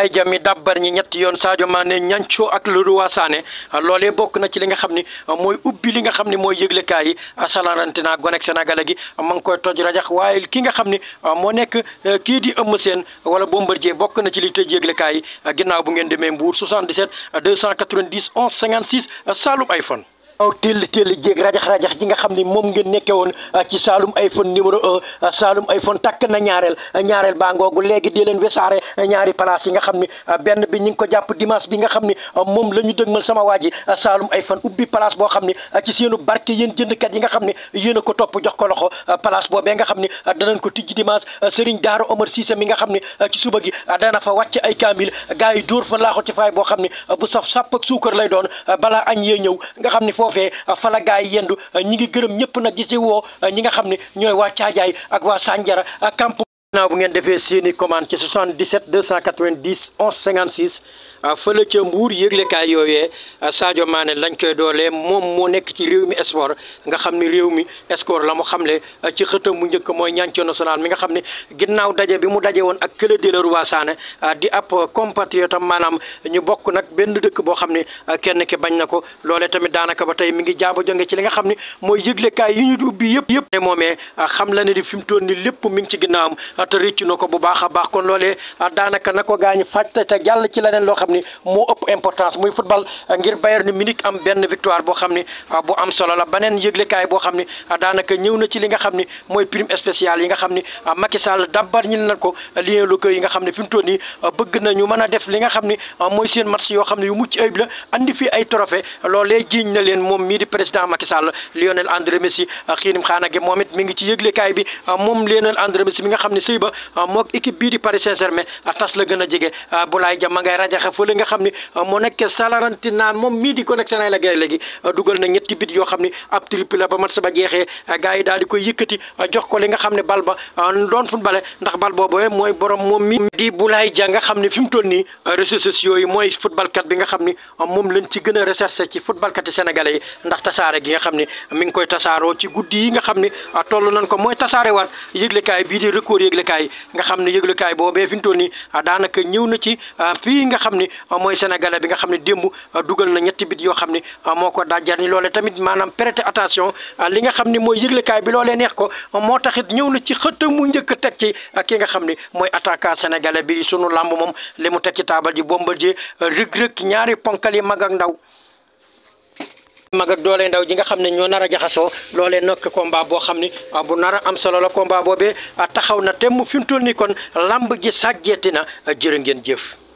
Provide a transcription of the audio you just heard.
ay Dia mi dabbar ñi ñetti yoon Sadio Mané ñancoo ak Leroy Sané loolee bokk na ci li nga xam ni mooy ubbi li nga xam ni mooy yëglekaay yi salanrantina gonek sénégalais gi ma ngi koy toj rajax waaye ki nga xam ni moo nekk kii di seen Eumeu Sène wala Bombardier bokk na ci li tëj yëglekaay yi ginnaaw bu ngeen demee Mbour 77 290 11 56 Saloum iPhone waaw oh, téel téel jéeg rajax-rajax ji nga xam ni moom ngeen nekke woon ah, ci Saloum iPhone numéro un ah, Saloum iPhone takk na ñaareel ah, ñaareel baa ngoogu léegi dee leen wesaare ñaari place yi nga xam ni benn bi ñu ngi ko jàpp dimanche bi nga xam ni moom la ñu dëgmal sama waa ji Saloum iPhone ubbi place boo xam ni ci seenu barke yéen jëndkat yi nga xam ni yéen a ko topp jox ko loxo place boobee nga xam ni danañ ko tijji dimanche Serigne Daara Omar Cissé mi nga xam ni ci suba gi dana fa wàcc ay kaamil gars yi xam ni bu saf sàpp ak suukar lay doon balaa añ yee ñëw a fa la gaa yi yendu ñi ngi gërëm ñëpp nag gi ci woo ñi nga xam ne ñooy waa Caajaay ak waa Sanjara kamp naaw bu ngeen defee seeni commande ci 77 290 11 56 Ah, fële ca Mbuur yëglekaay yooyee ah, Sadio maane lañ koy doole moom moo nekk ci réew mi sport nga xam ni réew mi sport la moo mu xamle ah, ci xëtam mu njëkk mooy na national mi nga xam ne ginnaaw daje bi mu daje woon ak kële di la Roi Sané di ab compatriote ta maanaam ñu bokk nag benn dëkk boo xam ne kenn ki bañ na ko loole tamit daanaka ba tey mi ngi jaaba jonge ci li nga xam ne mooy yëglekaay yi ñu di ubbi yëpp yëpp te moomee xam la ne di fi mu toon ni lépp mi ngi ci ginnaawam te rëcc na ko bu baax a baax kon loolee daanaka na ko ci leneen loo xam ni moo ëpp importance muy football ngir Bayern Munich am benn victoire boo xam ni ah, bu am solo la yëglekaay boo xam ni ah, daanaka ñëw na ci li nga xam ni mooy prime spéciale yi nga xam ni ah, Macky Sall dabbar ñil na ko lien locaux yi nga xam ne fi mu toll nii bëgg nañu mën a def li nga xam ni mooy seen match yoo xam ne yu mucc ayib la andi fii ay trophée loolee jiiñ na leen moom mii di président Macky Sall Lionel André Messi a jege fële nga xam ni ah, moo nekk Salernitana moom mii di connexion ay la gay dugal na ñetti bit yoo xam ni ab triple la ba match ba jeexee ah, gars yi daal di koy yëkkati ah, jox ko li nga xam ne bal ba doon footballé ndax bal boobee mooy borom moom mi di Boulaye Dia nga xam ne fi mu toll nii réseaux sociaux yi mooy footballkat bi nga xam ni moom lañ ci gën a recherché ci footballkat yi sénégalais yi ndax tasaare gi nga xam ni mi ngi koy tasaaroo ci guddi yi nga xam ni toll nañ ko mooy tasaare waat yëglekaay bii di record yëglekaay nga xam ne yëglekaay boobee fi mu toll nii daanaka ñëw na ci fii nga a mooy sénégalais bi nga xam ne démb dugal na ñetti bit yoo xam ne moo ko dajjar ni loolee tamit maanaam prêter attention li nga xam ni mooy yëglekaay bi loolee neex ko moo taxit ñëw na ci xëtt mu njëkk teg ci ki nga xam ne mooy attaquant sénégalais bi sunu làmb moom li mu teg ci taabal ji Bombardier rëg-rëg ñaari ponkal yi mag ak ndaw mag doole ndaw ji nga xam ne ñoo nar a jaxasoo loolee nokk combat boo xam ne bu nar a am solo la combat boobee taxaw na temm fi mu toll nii kon lamb gi sàjjeeti na jërë ngeen jëf